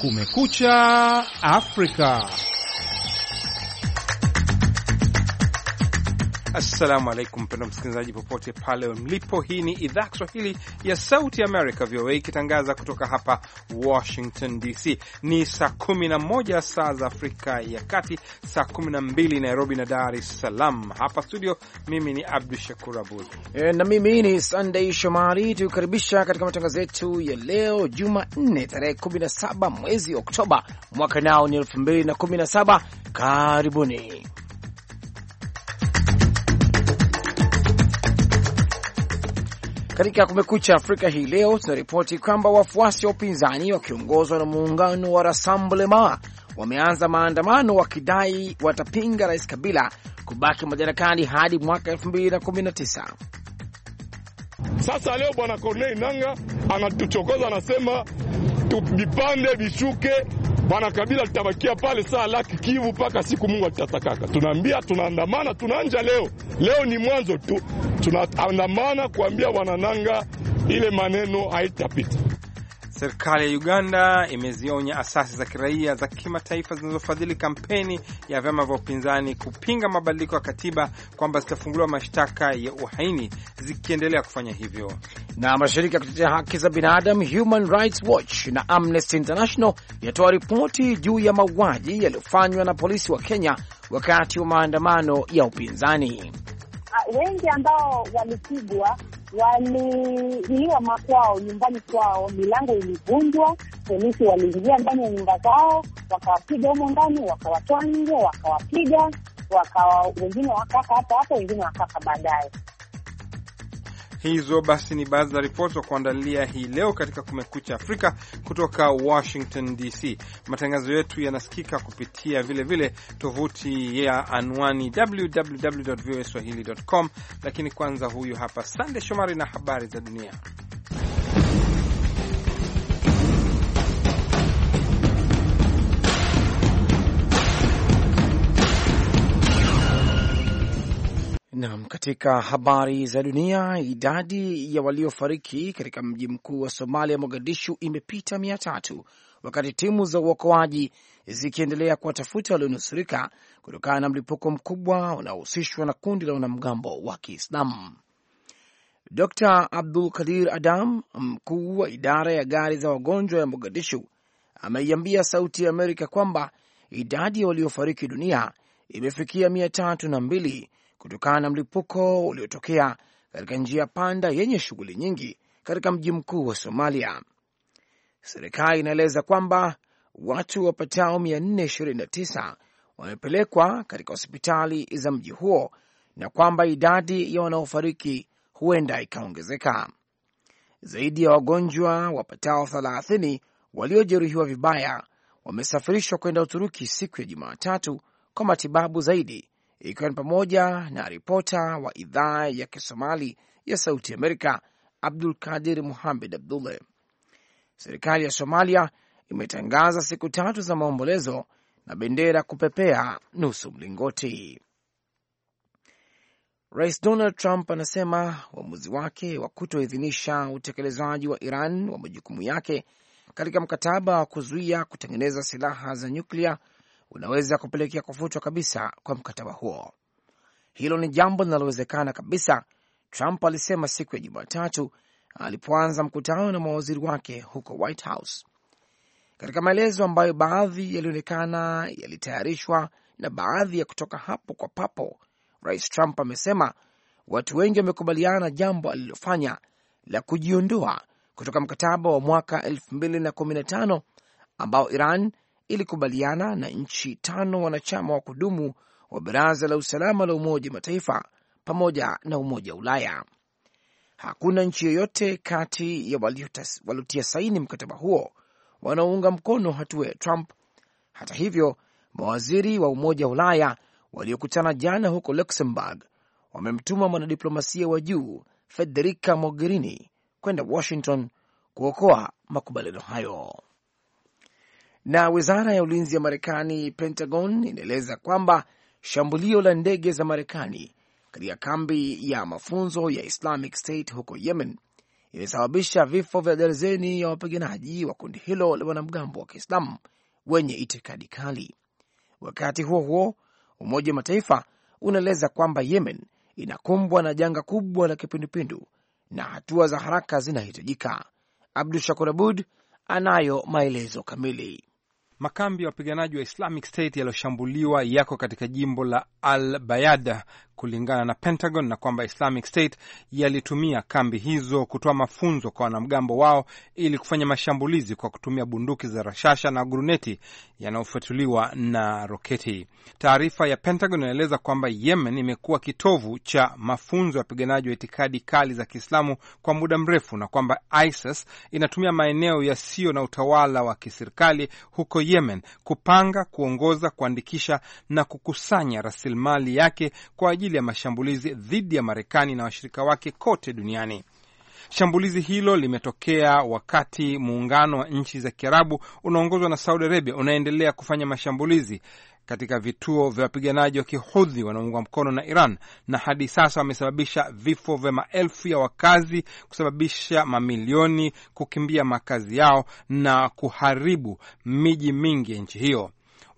Kumekucha Afrika. Assalamu alaikum, mpendwa msikilizaji popote pale mlipo. Hii ni idhaa Kiswahili ya Sauti Amerika, VOA, ikitangaza kutoka hapa Washington DC. Ni saa 11 saa za Afrika ya Kati, saa 12 Nairobi na Dar es Salaam. Hapa studio, mimi ni Abdu Shakur Abud e, na mimi ni Sunday Shomari, tukikaribisha katika matangazo yetu ya leo Jumanne tarehe 17 mwezi Oktoba mwaka nao ni 2017. Karibuni. Katika Kumekucha Afrika hii leo tunaripoti kwamba wafuasi wa upinzani wakiongozwa na muungano wa Rassemblement wameanza maandamano wakidai watapinga Rais Kabila kubaki madarakani hadi mwaka 2019. Sasa leo Bwana Corneille Nanga anatuchokoza, anasema vipande vishuke Bwana Kabila litabakia pale saa laki Kivu mpaka siku Mungu alitatakaka. Tunaambia tunaandamana, tunaanja leo leo, ni mwanzo tu, tunaandamana kuambia wanananga ile maneno haitapita. Serikali ya Uganda imezionya asasi za kiraia za kimataifa zinazofadhili kampeni ya vyama vya upinzani kupinga mabadiliko ya katiba kwamba zitafunguliwa mashtaka ya uhaini zikiendelea kufanya hivyo. Na mashirika ya kutetea haki za binadamu Human Rights Watch na Amnesty International yatoa ripoti juu ya mauaji yaliyofanywa na polisi wa Kenya wakati wa maandamano ya upinzani. Ah, wengi ambao walipigwa waliiliwa makwao nyumbani kwao, milango ilivunjwa, polisi waliingia ndani ya nyumba zao, wakawapiga humo ndani, wakawatoa nje, wakawapiga, wakawa wengine wakaka hapo hapo, wengine wakaka baadaye. Hizo basi ni baadhi za ripoti za kuandalia hii leo katika Kumekucha Afrika kutoka Washington DC. Matangazo yetu yanasikika kupitia vilevile tovuti ya anwani www voa swahili com, lakini kwanza, huyu hapa Sande Shomari na habari za dunia. Nam, katika habari za dunia, idadi ya waliofariki katika mji mkuu wa Somalia, Mogadishu, imepita mia tatu wakati timu za uokoaji zikiendelea kuwatafuta walionusurika kutokana na mlipuko mkubwa unaohusishwa na kundi la wanamgambo wa Kiislamu. Dr Abdul Kadir Adam, mkuu wa idara ya gari za wagonjwa ya Mogadishu, ameiambia Sauti ya Amerika kwamba idadi ya waliofariki dunia imefikia mia tatu na mbili kutokana na mlipuko uliotokea katika njia panda yenye shughuli nyingi katika mji mkuu wa Somalia. Serikali inaeleza kwamba watu wapatao 429 wamepelekwa katika hospitali za mji huo na kwamba idadi ya wanaofariki huenda ikaongezeka. Zaidi ya wagonjwa wapatao 30 waliojeruhiwa vibaya wamesafirishwa kwenda Uturuki siku ya Jumatatu kwa matibabu zaidi ikiwa ni pamoja na ripota wa idhaa ya Kisomali ya Sauti Amerika Abdul Kadir Muhamed Abdullah. Serikali ya Somalia imetangaza siku tatu za maombolezo na bendera kupepea nusu mlingoti. Rais Donald Trump anasema uamuzi wake wa kutoidhinisha utekelezaji wa Iran wa majukumu yake katika mkataba wa kuzuia kutengeneza silaha za nyuklia unaweza kupelekea kufutwa kabisa kwa mkataba huo. Hilo ni jambo linalowezekana kabisa, Trump alisema siku ya Jumatatu alipoanza mkutano na mawaziri wake huko White House. Katika maelezo ambayo baadhi yalionekana yalitayarishwa na baadhi ya kutoka hapo kwa papo, Rais Trump amesema watu wengi wamekubaliana na jambo alilofanya la kujiondoa kutoka mkataba wa mwaka 2015 ambao Iran ilikubaliana na nchi tano wanachama wa kudumu wa Baraza la Usalama la Umoja Mataifa pamoja na Umoja wa Ulaya. Hakuna nchi yoyote kati ya waliotia saini mkataba huo wanaounga mkono hatua ya Trump. Hata hivyo, mawaziri wa Umoja wa Ulaya waliokutana jana huko Luxembourg wamemtuma mwanadiplomasia wa juu Federica Mogherini kwenda Washington kuokoa makubaliano hayo na wizara ya ulinzi ya Marekani, Pentagon, inaeleza kwamba shambulio la ndege za Marekani katika kambi ya mafunzo ya Islamic State huko Yemen ilisababisha vifo vya darzeni ya wapiganaji wa kundi hilo la wanamgambo wa Kiislamu wenye itikadi kali. Wakati huo huo, Umoja wa Mataifa unaeleza kwamba Yemen inakumbwa na janga kubwa la kipindupindu na hatua za haraka zinahitajika. Abdu Shakur Abud anayo maelezo kamili. Makambi ya wapiganaji wa Islamic State yaliyoshambuliwa yako katika jimbo la Al Bayada kulingana na Pentagon, na kwamba Islamic State yalitumia kambi hizo kutoa mafunzo kwa wanamgambo wao ili kufanya mashambulizi kwa kutumia bunduki za rashasha na guruneti yanayofuatuliwa na roketi. Taarifa ya Pentagon inaeleza kwamba Yemen imekuwa kitovu cha mafunzo ya wapiganaji wa itikadi kali za Kiislamu kwa muda mrefu na kwamba ISIS inatumia maeneo yasiyo na utawala wa kiserikali huko Yemen kupanga, kuongoza, kuandikisha na kukusanya rasilimali yake kwa ajili ajili ya mashambulizi dhidi ya Marekani na washirika wake kote duniani. Shambulizi hilo limetokea wakati muungano wa nchi za Kiarabu unaongozwa na Saudi Arabia unaendelea kufanya mashambulizi katika vituo vya wapiganaji wa Kihudhi wanaoungwa mkono na Iran na hadi sasa wamesababisha vifo vya maelfu ya wakazi, kusababisha mamilioni kukimbia makazi yao na kuharibu miji mingi ya nchi hiyo.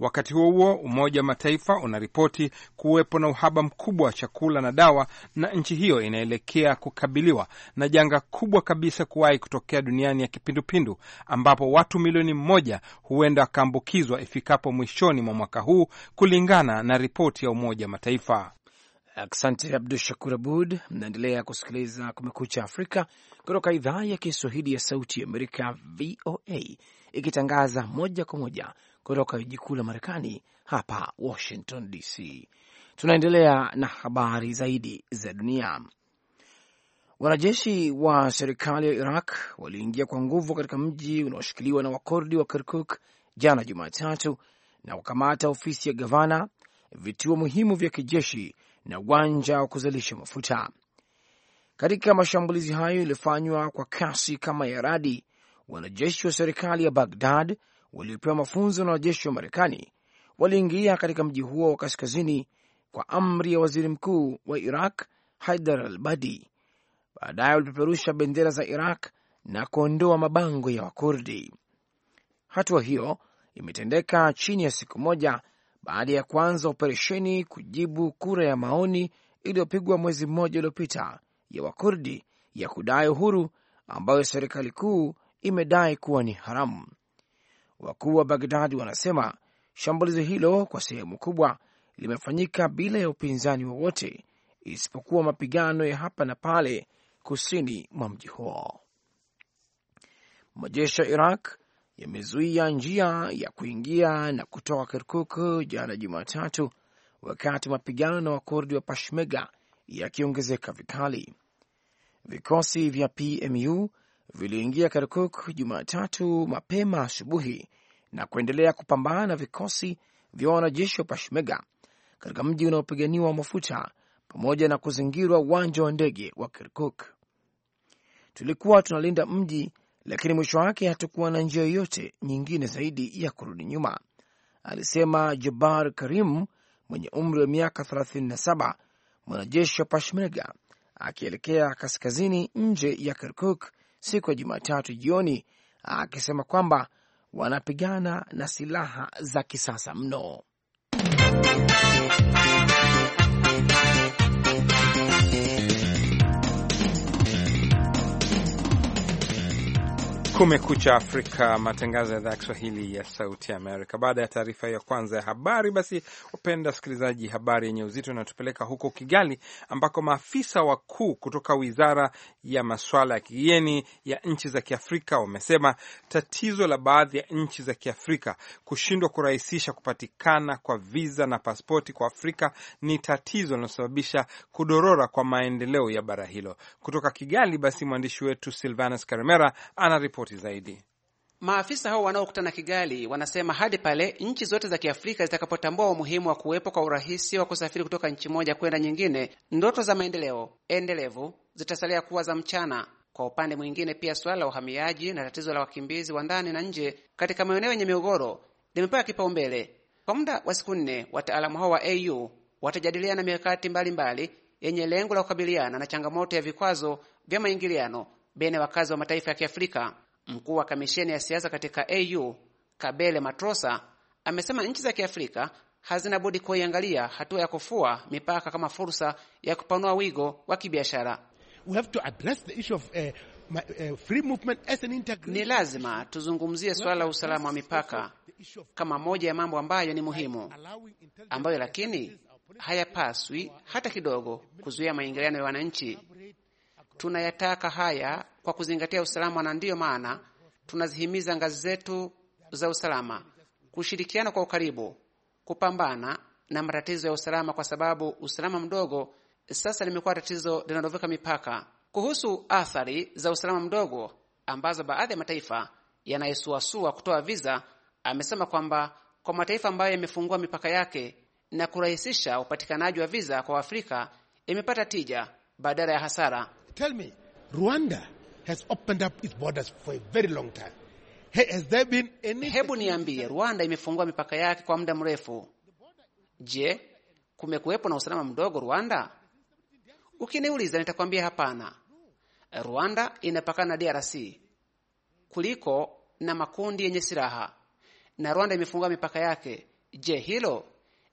Wakati huo huo, Umoja wa Mataifa unaripoti kuwepo na uhaba mkubwa wa chakula na dawa, na nchi hiyo inaelekea kukabiliwa na janga kubwa kabisa kuwahi kutokea duniani ya kipindupindu, ambapo watu milioni moja huenda wakaambukizwa ifikapo mwishoni mwa mwaka huu, kulingana na ripoti ya Umoja wa Mataifa. Asante Abdu Shakur Abud. Mnaendelea kusikiliza Kumekucha Afrika kutoka idhaa ya Kiswahili ya Sauti ya Amerika, VOA, ikitangaza moja kwa moja kutoka jiji kuu la Marekani hapa Washington DC. Tunaendelea na habari zaidi za dunia. Wanajeshi wa serikali ya Iraq waliingia kwa nguvu katika mji unaoshikiliwa na Wakurdi wa Kirkuk jana Jumatatu na kukamata ofisi ya gavana, vituo muhimu vya kijeshi na uwanja wa kuzalisha mafuta. Katika mashambulizi hayo yaliyofanywa kwa kasi kama ya radi, wanajeshi wa serikali ya Bagdad waliopewa mafunzo na wajeshi wa Marekani waliingia katika mji huo wa kaskazini kwa amri ya waziri mkuu wa Iraq Haidar al-Badi. Baadaye walipeperusha bendera za Iraq na kuondoa mabango ya Wakurdi. Hatua hiyo imetendeka chini ya siku moja baada ya kuanza operesheni kujibu kura ya maoni iliyopigwa mwezi mmoja uliopita ya Wakurdi ya kudai uhuru ambayo serikali kuu imedai kuwa ni haramu. Wakuu wa Bagdadi wanasema shambulizi hilo kwa sehemu kubwa limefanyika bila ya upinzani wowote isipokuwa mapigano ya hapa na pale kusini mwa mji huo. Majeshi ya Iraq yamezuia njia ya kuingia na kutoka Kirkuk jana Jumatatu, wakati mapigano na Wakurdi wa pashmega yakiongezeka vikali. Vikosi vya PMU viliingia Kirkuk Jumatatu mapema asubuhi na kuendelea kupambana na vikosi vya wanajeshi wa Peshmerga katika mji unaopiganiwa mafuta pamoja na kuzingirwa uwanja wa ndege wa Kirkuk. Tulikuwa tunalinda mji, lakini mwisho wake hatukuwa na njia yoyote nyingine zaidi ya kurudi nyuma, alisema Jabar Karim mwenye umri wa miaka 37, mwanajeshi wa Peshmerga akielekea kaskazini nje ya Kirkuk siku ya Jumatatu jioni akisema kwamba wanapigana na silaha za kisasa mno. Kumekucha Afrika, matangazo ya idhaa ya Kiswahili ya Sauti ya Amerika. Baada ya taarifa hiyo kwanza ya habari, basi wapenda wasikilizaji, habari yenye uzito inatupeleka huko Kigali, ambako maafisa wakuu kutoka wizara ya masuala ya kigeni ya nchi za Kiafrika wamesema tatizo la baadhi ya nchi za Kiafrika kushindwa kurahisisha kupatikana kwa viza na paspoti kwa Afrika ni tatizo linalosababisha kudorora kwa maendeleo ya bara hilo. Kutoka Kigali, basi mwandishi wetu Silvanus Karemera anaripoti tofauti zaidi. Maafisa hao wanaokutana Kigali wanasema hadi pale nchi zote za Kiafrika zitakapotambua umuhimu wa kuwepo kwa urahisi wa kusafiri kutoka nchi moja kwenda nyingine, ndoto za maendeleo endelevu zitasalia kuwa za mchana. Kwa upande mwingine, pia suala la uhamiaji na tatizo la wakimbizi wa ndani na nje katika maeneo yenye migogoro limepewa kipaumbele. Kwa muda wa siku nne, wataalamu hao wa AU watajadiliana mikakati mbalimbali yenye lengo la kukabiliana na changamoto ya vikwazo vya maingiliano baina ya wakazi wa mataifa ya Kiafrika. Mkuu wa kamisheni ya siasa katika AU Kabele Matrosa amesema nchi za Kiafrika hazina budi kuiangalia hatua ya kufua mipaka kama fursa ya kupanua wigo wa kibiashara. Ni lazima tuzungumzie suala la usalama wa mipaka kama moja ya mambo ambayo ni muhimu, ambayo lakini hayapaswi hata kidogo kuzuia maingiliano ya wananchi tunayataka haya kwa kuzingatia usalama, na ndiyo maana tunazihimiza ngazi zetu za usalama kushirikiana kwa ukaribu kupambana na matatizo ya usalama, kwa sababu usalama mdogo sasa limekuwa tatizo linalovuka mipaka. Kuhusu athari za usalama mdogo ambazo baadhi ya mataifa yanayesuasua kutoa viza, amesema kwamba kwa mataifa ambayo yamefungua mipaka yake na kurahisisha upatikanaji wa viza kwa Waafrika imepata tija badala ya hasara. Tell me, Rwanda has opened up its borders for a very long time. Has there been any... Hebu niambie, Rwanda imefungua mipaka yake kwa muda mrefu. Je, kumekuwepo na usalama mdogo Rwanda? Ukiniuliza nitakwambia hapana. Rwanda inapakana na DRC kuliko na makundi yenye silaha, na Rwanda imefungua mipaka yake. Je, hilo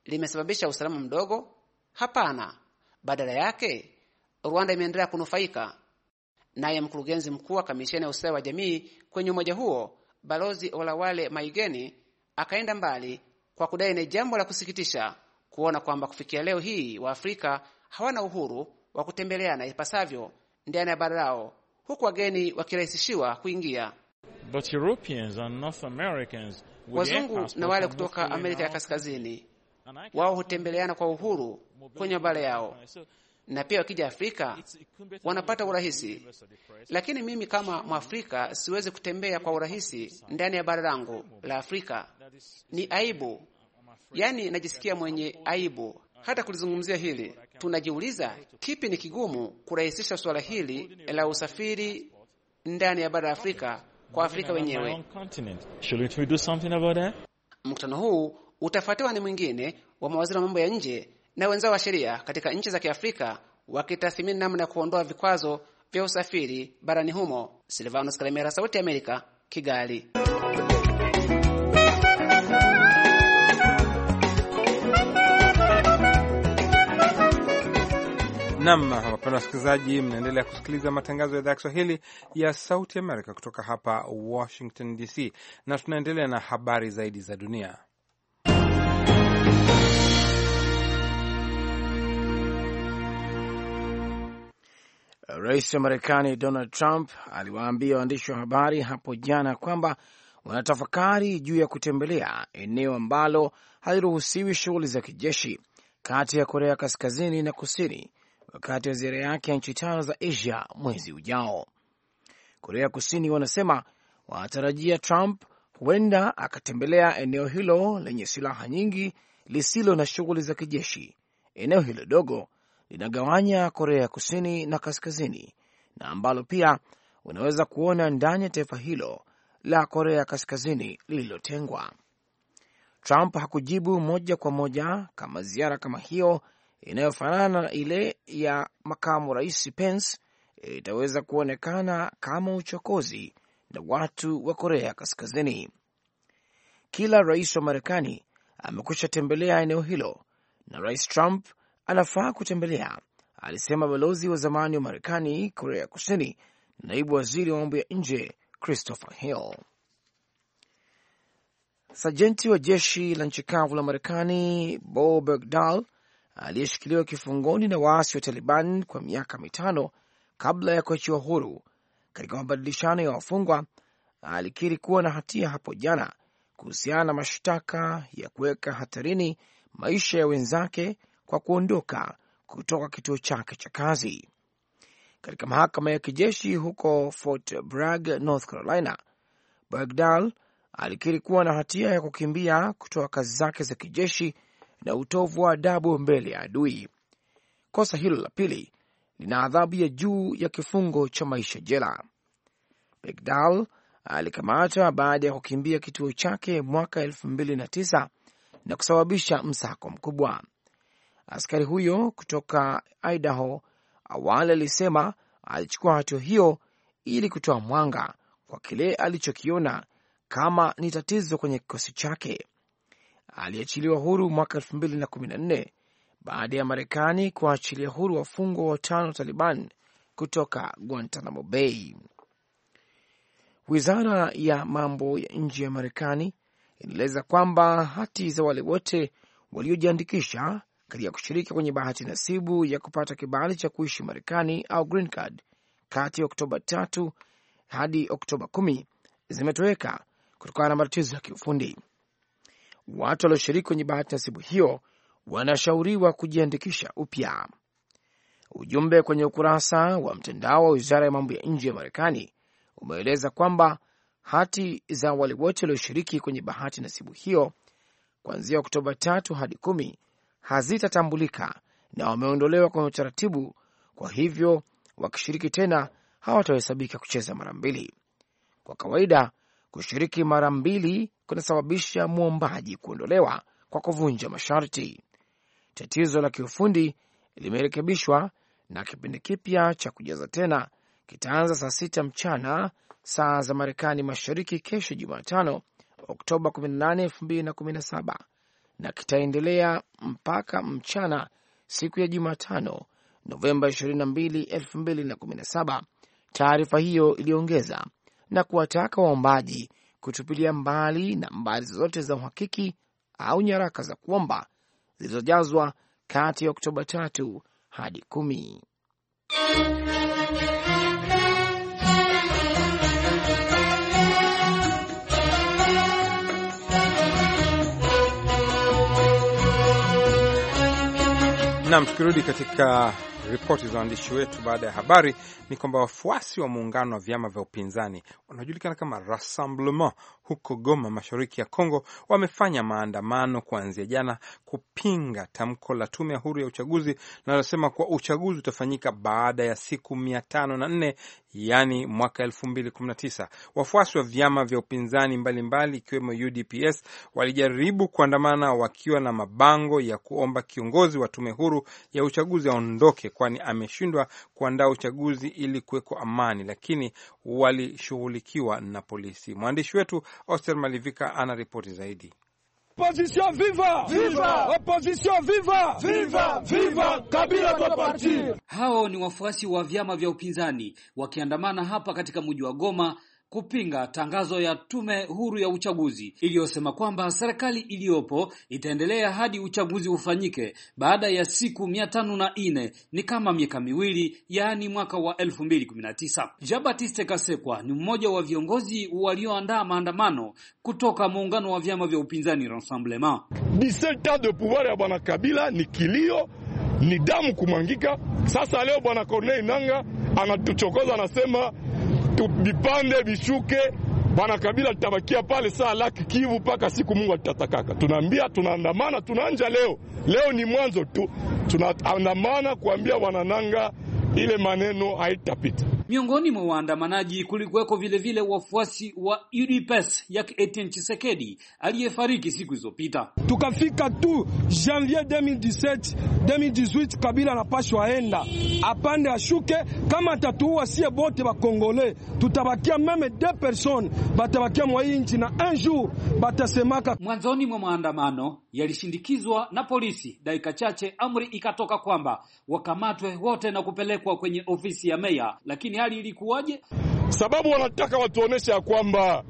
limesababisha usalama mdogo? Hapana, badala yake Rwanda imeendelea kunufaika. Naye mkurugenzi mkuu wa kamisheni ya ustawi wa jamii kwenye umoja huo Balozi Olawale Maigeni akaenda mbali kwa kudai ni jambo la kusikitisha kuona kwamba kufikia leo hii Waafrika hawana uhuru wa kutembeleana ipasavyo ndani ya bara lao, huku wageni wakirahisishiwa kuingia. But Europeans and North Americans, wazungu na wale kutoka Amerika ya Kaskazini, wao hutembeleana kwa uhuru kwenye bara yao, na pia wakija Afrika wanapata urahisi, lakini mimi kama Mwafrika siwezi kutembea kwa urahisi ndani ya bara langu la Afrika. Ni aibu, yaani najisikia mwenye aibu hata kulizungumzia hili. Tunajiuliza, kipi ni kigumu kurahisisha suala hili la usafiri ndani ya bara la Afrika kwa Afrika wenyewe? Mkutano huu utafuatiwa ni mwingine wa mawaziri wa mambo ya nje na wenzao wa sheria katika nchi za Kiafrika wakitathimini namna ya kuondoa vikwazo vya usafiri barani humo. Silvanos Kalemera, Sauti ya Amerika, Kigali. Nam, wapenda wasikilizaji, mnaendelea kusikiliza matangazo ya idhaa ya Kiswahili ya Sauti Amerika kutoka hapa Washington DC, na tunaendelea na habari zaidi za dunia. Rais wa Marekani Donald Trump aliwaambia waandishi wa habari hapo jana kwamba wanatafakari juu ya kutembelea eneo ambalo haliruhusiwi shughuli za kijeshi kati ya Korea Kaskazini na Kusini wakati wa ziara yake ya nchi tano za Asia mwezi ujao. Korea Kusini wanasema wanatarajia Trump huenda akatembelea eneo hilo lenye silaha nyingi lisilo na shughuli za kijeshi, eneo hilo dogo linagawanya Korea kusini na kaskazini na ambalo pia unaweza kuona ndani ya taifa hilo la Korea kaskazini lililotengwa. Trump hakujibu moja kwa moja kama ziara kama hiyo inayofanana na ile ya makamu rais Pence itaweza kuonekana kama uchokozi na watu wa Korea kaskazini. Kila rais wa Marekani amekwisha tembelea eneo hilo na rais Trump anafaa kutembelea, alisema balozi wa zamani wa Marekani Korea Kusini, naibu waziri wa mambo ya nje Christopher Hill. Sajenti wa jeshi la nchi kavu la Marekani Bo Bergdahl aliyeshikiliwa kifungoni na waasi wa Taliban kwa miaka mitano kabla ya kuachiwa huru katika mabadilishano ya wafungwa alikiri kuwa na hatia hapo jana kuhusiana na mashtaka ya kuweka hatarini maisha ya wenzake kwa kuondoka kutoka kituo chake cha kazi. Katika mahakama ya kijeshi huko Fort Bragg, North Carolina, Bergdahl alikiri kuwa na hatia ya kukimbia kutoka kazi zake za kijeshi na utovu wa adabu mbele ya adui. Kosa hilo la pili lina adhabu ya juu ya kifungo cha maisha jela. Bergdahl alikamatwa baada ya kukimbia kituo chake mwaka 2009 na kusababisha msako mkubwa. Askari huyo kutoka Idaho awali alisema alichukua hatua hiyo ili kutoa mwanga kwa kile alichokiona kama ni tatizo kwenye kikosi chake. Aliachiliwa huru mwaka 214 baada ya Marekani kuachilia huru wafungwa watano wa Taliban kutoka Guantanamo Bay. Wizara ya mambo ya nje ya Marekani inaeleza kwamba hati za wale wote waliojiandikisha katika kushiriki kwenye bahati nasibu ya kupata kibali cha kuishi Marekani au green card kati ya Oktoba tatu hadi Oktoba kumi zimetoweka kutokana na matatizo ya kiufundi. Watu walioshiriki kwenye bahati nasibu hiyo wanashauriwa kujiandikisha upya. Ujumbe kwenye ukurasa wa mtandao wa wizara ya mambo ya nje ya Marekani umeeleza kwamba hati za wale wote walioshiriki kwenye bahati nasibu hiyo kuanzia Oktoba tatu hadi kumi hazitatambulika na wameondolewa kwenye utaratibu, kwa hivyo wakishiriki tena hawatahesabika kucheza mara mbili. Kwa kawaida, kushiriki mara mbili kunasababisha mwombaji kuondolewa kwa kuvunja masharti. Tatizo la kiufundi limerekebishwa na kipindi kipya cha kujaza tena kitaanza saa sita mchana saa za Marekani Mashariki kesho Jumatano, Oktoba 18, 2017 na kitaendelea mpaka mchana siku ya Jumatano, Novemba 22, 2017. Taarifa hiyo iliongeza na kuwataka waombaji kutupilia mbali nambari zozote za uhakiki au nyaraka za kuomba zilizojazwa kati ya Oktoba 3 hadi 10. Nam, tukirudi katika ripoti za waandishi wetu baada ya habari, ni kwamba wafuasi wa muungano wa vyama vya upinzani wanaojulikana kama Rassemblement huko Goma, mashariki ya Kongo, wamefanya maandamano kuanzia jana kupinga tamko la tume ya huru ya uchaguzi linalosema kuwa uchaguzi utafanyika baada ya siku mia tano na nne yaani mwaka elfu mbili kumi na tisa. Wafuasi wa vyama vya upinzani mbalimbali ikiwemo UDPS walijaribu kuandamana wakiwa na mabango ya kuomba kiongozi wa tume huru ya uchaguzi aondoke, kwani ameshindwa kuandaa uchaguzi ili kuwekwa amani, lakini walishughulikiwa na polisi. Mwandishi wetu Oster Malivika anaripoti zaidi. Opposition viva! Viva! Opposition viva! Viva! Viva! Kabila kwa parti. Hao ni wafuasi wa vyama vya upinzani wakiandamana hapa katika mji wa Goma kupinga tangazo ya tume huru ya uchaguzi iliyosema kwamba serikali iliyopo itaendelea hadi uchaguzi ufanyike baada ya siku mia tano na nne ni kama miaka miwili, yaani mwaka wa elfu mbili kumi na tisa. Jean-Baptiste Kasekwa ni mmoja wa viongozi walioandaa maandamano kutoka muungano wa vyama vya upinzani Rassemblement. de pouvoir ya bwana Kabila ni kilio, ni damu kumwangika. Sasa leo bwana Corneille Nanga anatuchokoza, anasema vipande vishuke, Bwana Kabila litabakia pale saa laki Kivu mpaka siku Mungu alitatakaka. Tunaambia tunaandamana, tunaanja leo leo, ni mwanzo tu, tunaandamana kuambia wanananga ile maneno haitapita. Miongoni mwa waandamanaji kulikuweko vilevile wafuasi wa UDPS yake Etienne Tshisekedi aliyefariki siku zilizopita. Tukafika tu janvier 2017 2018, Kabila anapashwa aenda apande ashuke, kama atatuua sie bote bakongole tutabakia meme de person batabakia mwa na un jour batasemaka. Mwanzoni mwa maandamano yalishindikizwa na polisi, dakika chache amri ikatoka kwamba wakamatwe wote na kupelekwa kupelekwa kwenye ofisi ya meya, lakini hali ilikuwaje? Sababu wanataka watuoneshe ya kwamba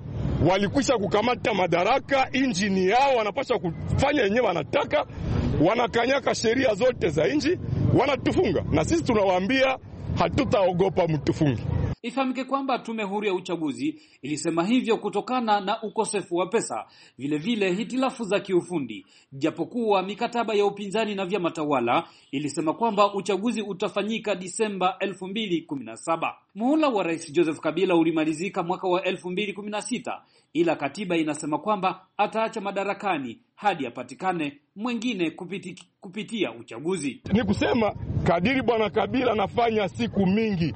walikwisha kukamata madaraka, injini yao wanapaswa kufanya yenyewe wanataka, wanakanyaka sheria zote za inji, wanatufunga. Na sisi tunawaambia hatutaogopa mtufungi. Ifahamike kwamba tume huru ya uchaguzi ilisema hivyo kutokana na ukosefu wa pesa, vilevile hitilafu za kiufundi, japokuwa mikataba ya upinzani na vyama tawala ilisema kwamba uchaguzi utafanyika Disemba 2017. Muhula wa Rais Joseph Kabila ulimalizika mwaka wa 2016, ila katiba inasema kwamba ataacha madarakani hadi apatikane mwingine kupiti, kupitia uchaguzi. Ni kusema kadiri bwana Kabila anafanya siku mingi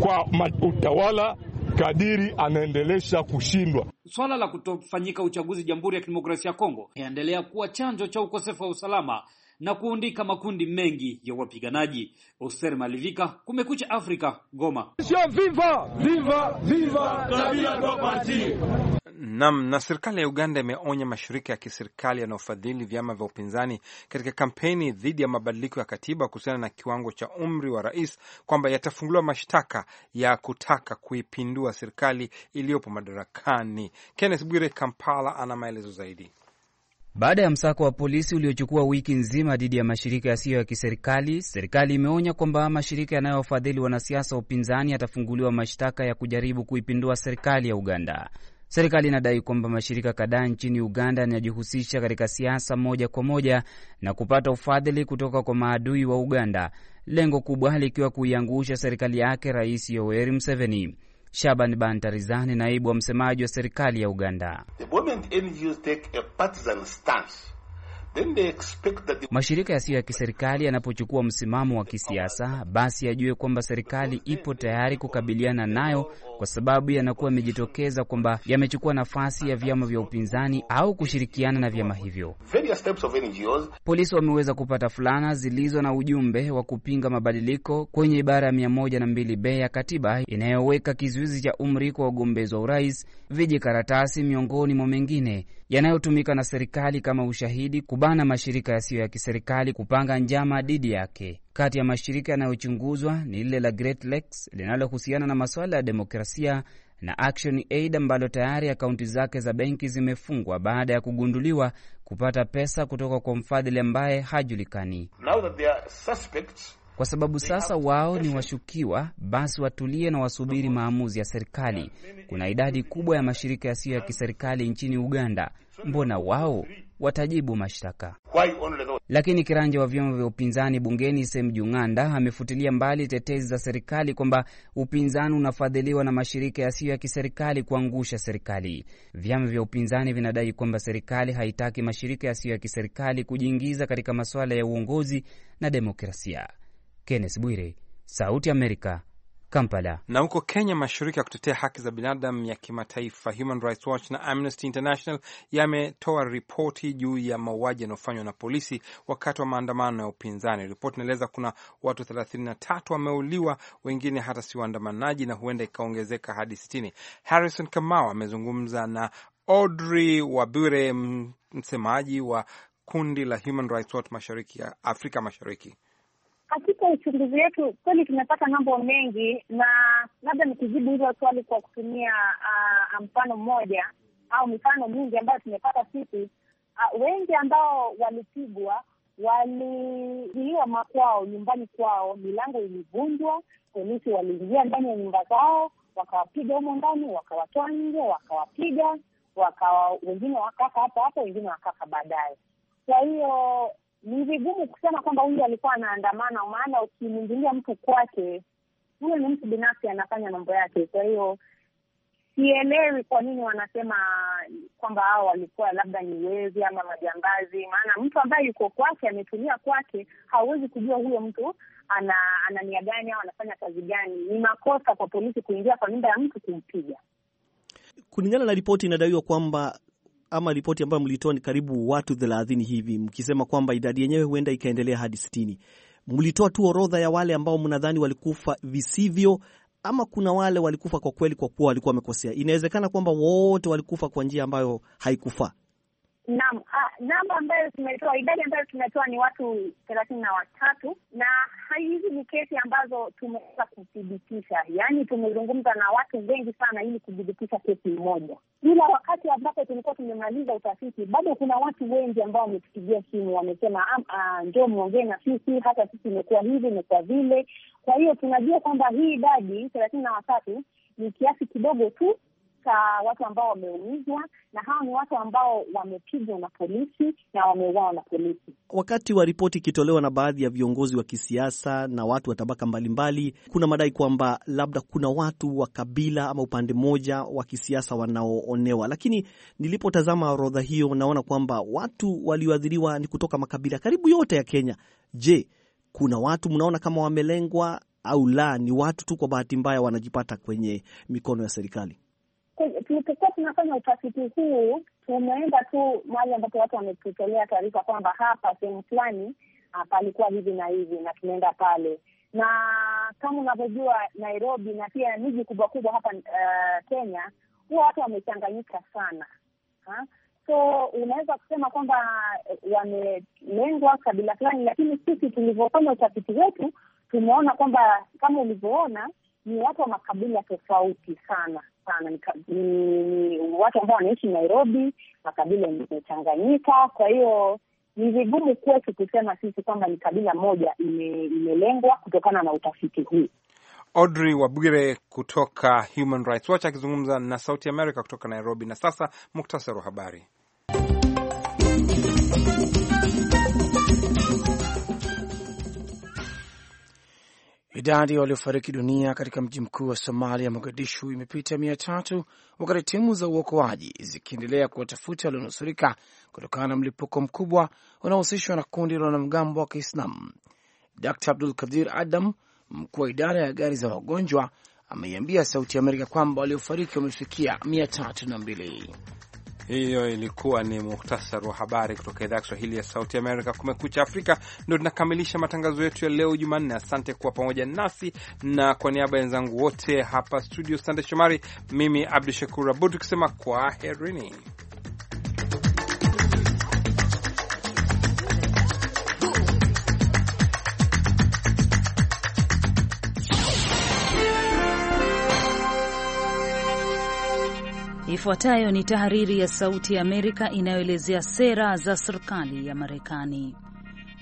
kwa utawala kadiri anaendelesha kushindwa. Swala la kutofanyika uchaguzi Jamhuri ya Kidemokrasia ya Kongo yaendelea kuwa chanzo cha ukosefu wa usalama na kuundika makundi mengi ya wapiganaji. Oster Malivika, Kumekucha Afrika, Goma. Viva, viva, viva, nam na serikali ya Uganda imeonya mashirika ya kiserikali yanayofadhili vyama vya upinzani katika kampeni dhidi ya mabadiliko ya katiba kuhusiana na kiwango cha umri wa rais kwamba yatafunguliwa mashtaka ya kutaka kuipindua serikali iliyopo madarakani. Kenneth Bwire, Kampala, ana maelezo zaidi. Baada ya msako wa polisi uliochukua wiki nzima dhidi ya mashirika yasiyo ya kiserikali, serikali imeonya kwamba mashirika yanayowafadhili wanasiasa wa upinzani yatafunguliwa mashtaka ya kujaribu kuipindua serikali ya Uganda. Serikali inadai kwamba mashirika kadhaa nchini Uganda yanajihusisha katika siasa moja kwa moja na kupata ufadhili kutoka kwa maadui wa Uganda, lengo kubwa likiwa kuiangusha serikali yake Rais Yoweri Museveni. Shaban Bantarizani, naibu wa msemaji wa serikali ya Uganda. Mashirika yasiyo ya kiserikali yanapochukua msimamo wa kisiasa, basi yajue kwamba serikali ipo tayari kukabiliana nayo kwa sababu yanakuwa yamejitokeza kwamba yamechukua nafasi ya vyama vya upinzani au kushirikiana na vyama hivyo. Polisi wameweza kupata fulana zilizo na ujumbe wa kupinga mabadiliko kwenye ibara ya mia moja na mbili b ya katiba inayoweka kizuizi cha umri kwa wagombezi wa urais, vijikaratasi, miongoni mwa mengine yanayotumika na serikali kama ushahidi kubana mashirika yasiyo ya kiserikali kupanga njama dhidi yake. Kati ya mashirika yanayochunguzwa ni lile la Great Lakes linalohusiana na masuala ya demokrasia na Action Aid ambalo tayari akaunti zake za benki zimefungwa baada ya kugunduliwa kupata pesa kutoka kwa mfadhili ambaye hajulikani. Kwa sababu sasa wao ni washukiwa, basi watulie na wasubiri maamuzi ya serikali. Kuna idadi kubwa ya mashirika yasiyo ya kiserikali nchini Uganda, mbona wao watajibu mashtaka. Lakini kiranja wa vyama vya upinzani bungeni Sem Jung'anda amefutilia mbali tetezi za serikali kwamba upinzani unafadhiliwa na mashirika yasiyo ya kiserikali kuangusha serikali. Vyama vya upinzani vinadai kwamba serikali haitaki mashirika yasiyo ya kiserikali kujiingiza katika masuala ya uongozi na demokrasia. Kenneth Bwire, Sauti Amerika, Kampala. Na huko Kenya, mashirika ya kutetea haki za binadamu ya kimataifa Human Rights Watch na Amnesty International yametoa ripoti juu ya mauaji yanayofanywa na polisi wakati wa maandamano ya upinzani. Ripoti inaeleza kuna watu 33 wameuliwa, wengine hata si waandamanaji, na huenda ikaongezeka hadi 60. Harrison Kamau amezungumza na Audrey Wabure, msemaji wa kundi la Human Rights Watch mashariki ya Afrika Mashariki katika uchunguzi wetu kweli tumepata mambo mengi, na labda nikijibu hilo swali kwa kutumia uh, mfano mmoja au mifano mingi ambayo tumepata sisi. Uh, wengi ambao walipigwa walizuiwa makwao, nyumbani kwao, milango ilivunjwa, polisi waliingia ndani ya nyumba zao, wakawapiga humo ndani, wakawatoa nje, wakawapiga, wengine wakafa hapa hapo, wengine wakafa baadaye. Kwa hiyo ni vigumu kusema kwamba huyu alikuwa anaandamana, maana ukimwingilia mtu kwake, huyo ni mtu binafsi, anafanya mambo yake. Kwa hiyo sielewi kwa nini wanasema kwamba hao walikuwa labda ni wezi ama majambazi, maana mtu ambaye yuko kwake ametumia kwake, hauwezi kujua huyo mtu ana, ana nia gani au anafanya kazi gani. Ni makosa kwa polisi kuingia kwa nyumba ya mtu kumpiga. Kulingana na ripoti inadaiwa kwamba ama ripoti ambayo mlitoa ni karibu watu thelathini hivi, mkisema kwamba idadi yenyewe huenda ikaendelea hadi sitini. Mlitoa tu orodha ya wale ambao mnadhani walikufa visivyo, ama kuna wale walikufa kwa kweli kwa kuwa walikuwa wamekosea? Inawezekana kwamba wote walikufa kwa njia ambayo haikufaa. Naam, ah, namba ambayo tumetoa, idadi ambayo tumetoa ni watu thelathini na watatu, na hizi ni kesi ambazo tumeweza kuthibitisha, yaani tumezungumza na watu wengi sana ili kuthibitisha kesi moja, ila wakati ambapo tulikuwa tumemaliza utafiti, bado kuna watu wengi ambao wametupigia simu, wamesema ah, njoo mwongee na sisi, hata sisi imekuwa hivi, imekuwa vile. Kwa hiyo tunajua kwamba hii idadi thelathini na watatu ni kiasi kidogo tu wamepata watu ambao wameumizwa, na hawa ni watu ambao wamepigwa na polisi na wameuawa na polisi. Wakati wa ripoti ikitolewa na baadhi ya viongozi wa kisiasa na watu wa tabaka mbalimbali, kuna madai kwamba labda kuna watu wa kabila ama upande mmoja wa kisiasa wanaoonewa, lakini nilipotazama orodha hiyo, naona kwamba watu walioathiriwa ni kutoka makabila karibu yote ya Kenya. Je, kuna watu mnaona kama wamelengwa au la? Ni watu tu kwa bahati mbaya wanajipata kwenye mikono ya serikali? tulipokuwa tunafanya utafiti huu, tumeenda tu mahali ambapo watu wametutolea taarifa kwamba hapa sehemu fulani ah, palikuwa hivi na hivi, na tumeenda pale na kama unavyojua Nairobi na pia miji kubwa kubwa hapa uh, Kenya huwa watu wamechanganyika sana ha? So unaweza kusema kwamba eh, wamelengwa kabila fulani, lakini sisi tulivyofanya utafiti wetu tumeona kwamba kama ulivyoona ni watu wa makabila tofauti sana sana, ni, ni watu ambao wanaishi Nairobi, makabila imechanganyika. Kwa hiyo ni vigumu kwetu kusema sisi kwamba ni kabila moja imelengwa kutokana na utafiti huu. Audrey Wabwire kutoka Human Rights Watch akizungumza na Sauti America kutoka Nairobi. Na sasa muktasari wa habari. Idadi waliofariki dunia katika mji mkuu wa Somalia, Mogadishu, imepita mia tatu wakati timu za uokoaji zikiendelea kuwatafuta walionusurika kutokana na mlipuko mkubwa unaohusishwa na kundi la wanamgambo wa Kiislamu. Dr Abdul Kadir Adam, mkuu wa idara ya gari za wagonjwa, ameiambia Sauti ya Amerika kwamba waliofariki wamefikia mia tatu na mbili. Hiyo ilikuwa ni muhtasari wa habari kutoka idhaa ya Kiswahili ya Sauti Amerika, Kumekucha Afrika. Ndio tunakamilisha matangazo yetu ya leo Jumanne. Asante kuwa pamoja nasi, na kwa niaba ya wenzangu wote hapa studio, Sande Shomari, mimi Abdu Shakur Abud kwa herini Ifuatayo ni tahariri ya Sauti ya Amerika inayoelezea sera za serikali ya Marekani.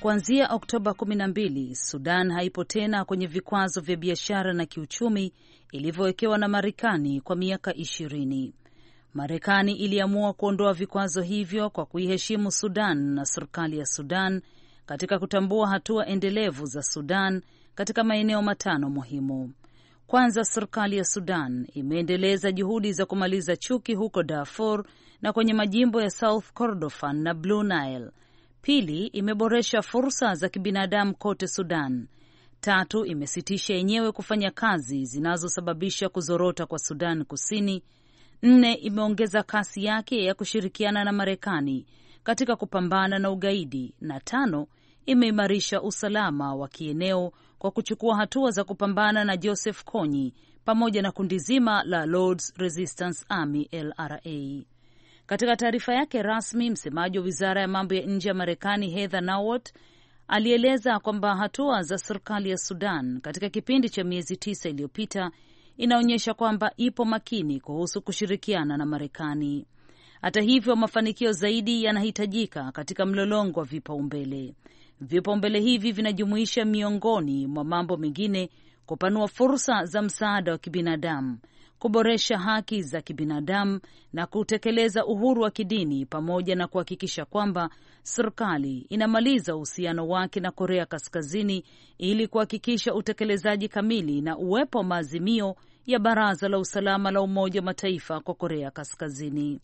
Kuanzia Oktoba 12, Sudan haipo tena kwenye vikwazo vya biashara na kiuchumi ilivyowekewa na Marekani kwa miaka ishirini. Marekani iliamua kuondoa vikwazo hivyo kwa kuiheshimu Sudan na serikali ya Sudan katika kutambua hatua endelevu za Sudan katika maeneo matano muhimu. Kwanza, serikali ya Sudan imeendeleza juhudi za kumaliza chuki huko Darfur na kwenye majimbo ya South Kordofan na Blue Nile. Pili, imeboresha fursa za kibinadamu kote Sudan. Tatu, imesitisha yenyewe kufanya kazi zinazosababisha kuzorota kwa Sudan Kusini. Nne, imeongeza kasi yake ya kushirikiana na Marekani katika kupambana na ugaidi. Na tano, imeimarisha usalama wa kieneo kwa kuchukua hatua za kupambana na Joseph Kony pamoja na kundi zima la Lords Resistance Army LRA. Katika taarifa yake rasmi, msemaji wa wizara ya mambo ya nje ya Marekani Heather Nauert alieleza kwamba hatua za serikali ya Sudan katika kipindi cha miezi tisa iliyopita inaonyesha kwamba ipo makini kuhusu kushirikiana na Marekani. Hata hivyo, mafanikio zaidi yanahitajika katika mlolongo wa vipaumbele. Vipaumbele hivi vinajumuisha miongoni mwa mambo mengine, kupanua fursa za msaada wa kibinadamu, kuboresha haki za kibinadamu na kutekeleza uhuru wa kidini, pamoja na kuhakikisha kwamba serikali inamaliza uhusiano wake na Korea Kaskazini ili kuhakikisha utekelezaji kamili na uwepo wa maazimio ya Baraza la Usalama la Umoja wa Mataifa kwa Korea Kaskazini.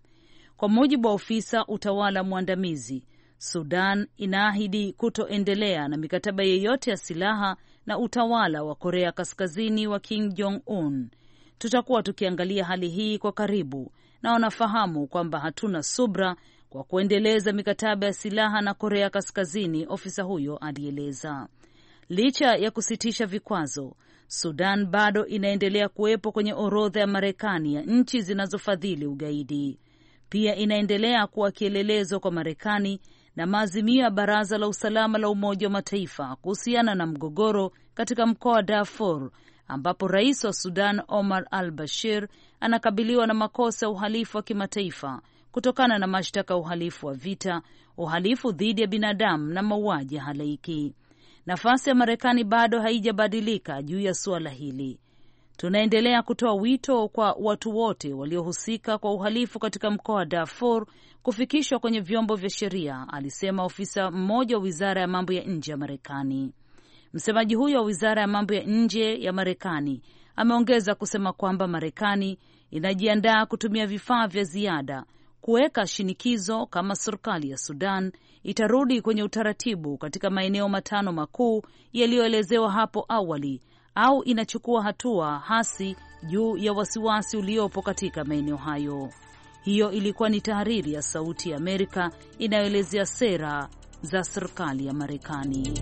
Kwa mujibu wa ofisa utawala mwandamizi, Sudan inaahidi kutoendelea na mikataba yeyote ya silaha na utawala wa Korea Kaskazini wa Kim Jong Un. Tutakuwa tukiangalia hali hii kwa karibu, na wanafahamu kwamba hatuna subra kwa kuendeleza mikataba ya silaha na Korea Kaskazini, ofisa huyo alieleza. Licha ya kusitisha vikwazo, Sudan bado inaendelea kuwepo kwenye orodha ya Marekani ya nchi zinazofadhili ugaidi. Pia inaendelea kuwa kielelezo kwa Marekani na maazimio ya Baraza la Usalama la Umoja wa Mataifa kuhusiana na mgogoro katika mkoa wa Darfur ambapo rais wa Sudan Omar al Bashir anakabiliwa na makosa ya uhalifu wa kimataifa kutokana na mashtaka ya uhalifu wa vita, uhalifu dhidi ya binadamu na mauaji halaiki. Nafasi ya Marekani bado haijabadilika juu ya suala hili. Tunaendelea kutoa wito kwa watu wote waliohusika kwa uhalifu katika mkoa wa Darfur kufikishwa kwenye vyombo vya sheria, alisema ofisa mmoja wa wizara ya mambo ya nje ya Marekani. Msemaji huyo wa wizara ya mambo ya nje ya Marekani ameongeza kusema kwamba Marekani inajiandaa kutumia vifaa vya ziada kuweka shinikizo kama serikali ya Sudan itarudi kwenye utaratibu katika maeneo matano makuu yaliyoelezewa hapo awali au inachukua hatua hasi juu ya wasiwasi uliopo katika maeneo hayo. Hiyo ilikuwa ni tahariri ya Sauti ya Amerika inayoelezea sera za serikali ya Marekani.